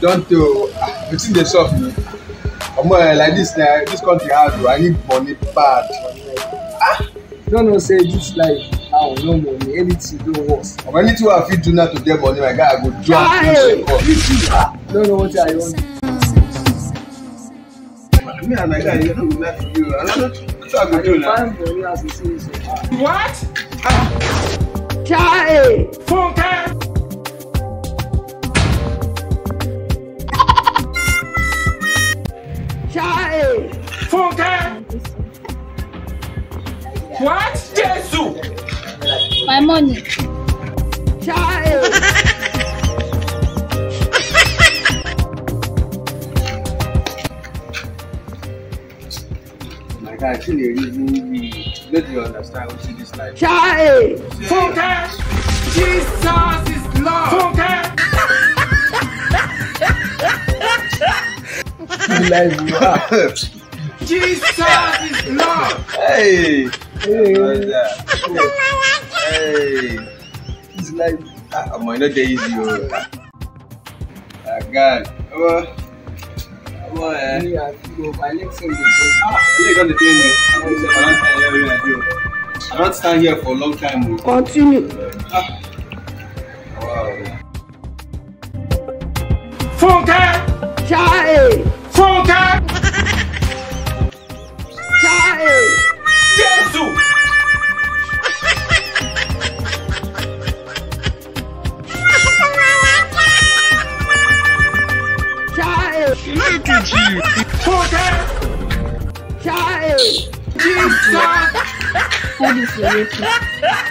don tey o wetin dey sup me omo um, like this na this country hard o oh, i need money bad ah you no know say this life now ah, oh, no money anything don worse omo anything wey i fit do now to get money my guy i go do am finish the work no know wetin i wan me and my guy you no go like to do i no know wetin i go do now. what. chai funke. child. Funke. What? Jesus. My money. Child. guy, she dey reason me. Make you understand what she dislikes. like. Chai! Funke! Jesus! Ah. Jesus is Hey. Hey. Hey. hey. I am not get easy. Oh. God. Come on. Come on, eh. Yeah, Ah, my legs on the I am not stand here for a long time. Oh. Continue. Ah. Wow. Funke! Look at you, fucker! Child! You suck!